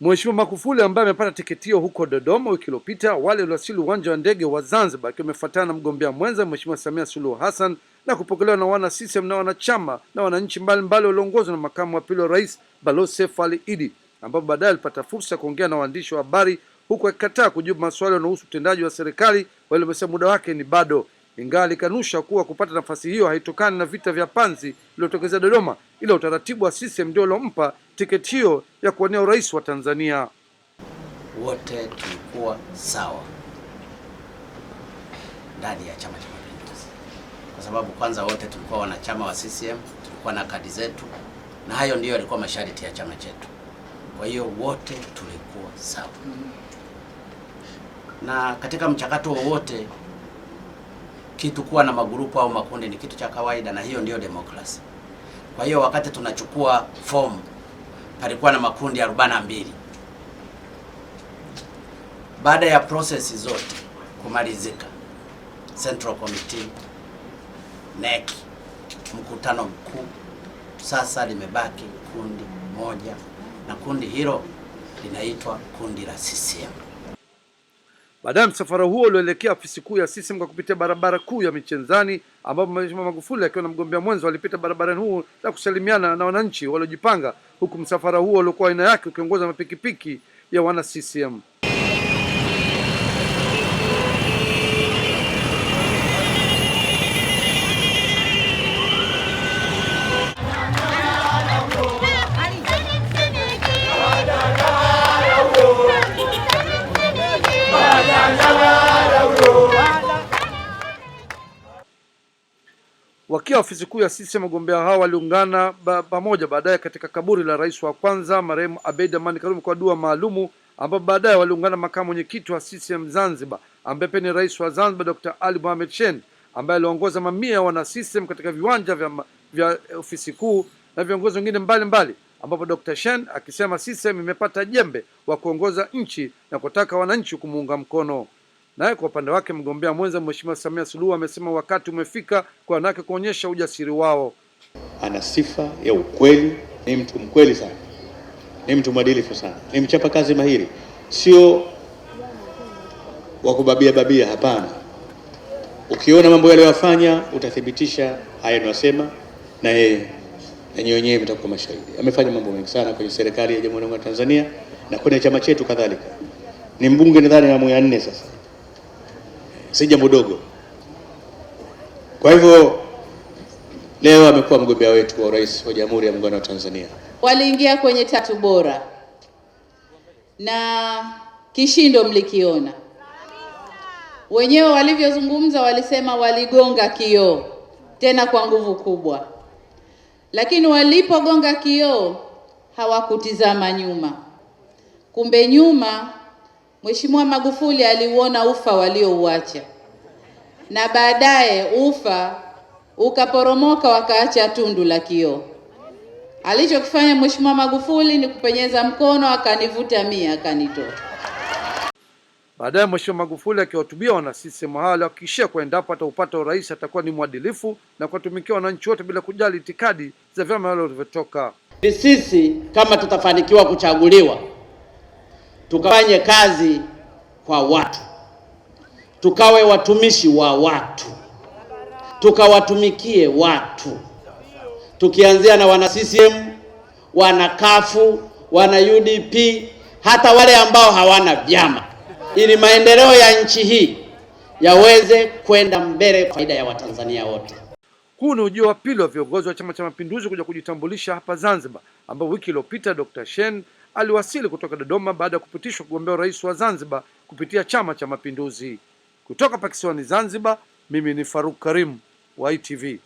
Mheshimiwa Magufuli ambaye amepata tiketio huko Dodoma wiki iliyopita, wale waliwasili uwanja wa ndege wa Zanzibar akiwa amefuatana na mgombea mwenza Mheshimiwa Samia Suluhu Hassan na kupokelewa na wana CCM na wanachama na wananchi mbalimbali walioongozwa na makamu wa pili wa rais Balozi Seif Ali Iddi, ambapo baadaye alipata fursa ya kuongea na waandishi wa habari huku akikataa kujibu maswali yanayohusu utendaji wa serikali walivyosema muda wake ni bado, ingawa alikanusha kuwa kupata nafasi hiyo haitokani na vita vya panzi vilivyotokezea Dodoma ila utaratibu wa CCM ndio uliompa tiketi hiyo ya kuwania urais wa Tanzania. Wote tulikuwa sawa ndani ya Chama cha Mapinduzi, kwa sababu kwanza wote tulikuwa wanachama wa CCM, tulikuwa na kadi zetu, na hayo ndiyo yalikuwa masharti ya chama chetu. Kwa hiyo wote tulikuwa sawa, na katika mchakato wowote kitu kuwa na magrupu au makundi ni kitu cha kawaida, na hiyo ndiyo demokrasia. Kwa hiyo wakati tunachukua fomu palikuwa na makundi 42 mbili. Baada ya prosesi zote kumalizika, Central Committee, NEC, mkutano mkuu, sasa limebaki kundi moja, na kundi hilo linaitwa kundi la CCM. Baadaye msafara huo ulioelekea ofisi kuu ya CCM kwa kupitia barabara kuu ya Michenzani, ambapo Mheshimiwa Magufuli akiwa na mgombea mwenza walipita barabarani huo na kusalimiana na wananchi waliojipanga, huku msafara huo uliokuwa aina yake ukiongozwa na pikipiki ya wana CCM. Wakiwa ofisi kuu ya CCM, wagombea hao waliungana pamoja ba baadaye katika kaburi la rais wa kwanza marehemu Abeid Amani Karume kwa dua maalumu, ambapo baadaye waliungana makamu mwenyekiti wa CCM Zanzibar ambaye pia ni rais wa Zanzibar Dr. Ali Mohamed Shein ambaye aliongoza mamia ya wana CCM katika viwanja vya, vya ofisi kuu na viongozi wengine mbalimbali, ambapo Dr. Shein akisema CCM imepata jembe wa kuongoza nchi na kutaka wananchi kumuunga mkono. Naye kwa upande wake mgombea mwenza Mheshimiwa Samia Suluhu amesema wakati umefika kwa wanawake kuonyesha ujasiri wao. Ana sifa ya ukweli, ni mtu mkweli sana, ni mtu mwadilifu sana, ni mchapa kazi mahiri, sio wa kubabia babia, hapana. Ukiona mambo yaliyofanya utathibitisha haya ninayosema, na yeye nanyi wenyewe mtakuwa mashahidi. Amefanya mambo mengi sana kwenye serikali ya Jamhuri ya Muungano wa Tanzania na kwenye chama chetu kadhalika. Ni mbunge nadhani awamu ya nne sasa si jambo dogo. Kwa hivyo leo amekuwa mgombea wetu wa urais wa Jamhuri ya Muungano wa Tanzania. Waliingia kwenye tatu bora na kishindo mlikiona wenyewe, walivyozungumza walisema waligonga kioo tena kwa nguvu kubwa, lakini walipogonga kioo hawakutizama nyuma. Kumbe nyuma Mheshimiwa Magufuli aliuona ufa waliouacha, na baadaye ufa ukaporomoka, wakaacha tundu la kioo. Alichokifanya Mheshimiwa Magufuli ni kupenyeza mkono, akanivuta mia, akanitoa. Baadaye Mheshimiwa Magufuli akiwahutubia wana CCM hao akihakikishia kuwa endapo ataupata urais atakuwa ni mwadilifu na kuwatumikia wananchi wote bila kujali itikadi za vyama hilo vilivyotoka. Ni sisi kama tutafanikiwa kuchaguliwa tukafanye kazi kwa watu, tukawe watumishi wa watu, tukawatumikie watu, tukianzia na wana CCM, wana kafu, wana UDP, hata wale ambao hawana vyama, ili maendeleo ya nchi hii yaweze kwenda mbele kwa faida ya Watanzania wote. Huu ni ujio wa pili wa viongozi wa Chama cha Mapinduzi kuja kujitambulisha hapa Zanzibar, ambao wiki iliyopita Dr. Shein aliwasili kutoka Dodoma baada ya kupitishwa kugombea urais wa Zanzibar kupitia Chama cha Mapinduzi. Kutoka Pakisiwani Zanzibar, mimi ni Faruk Karim wa ITV.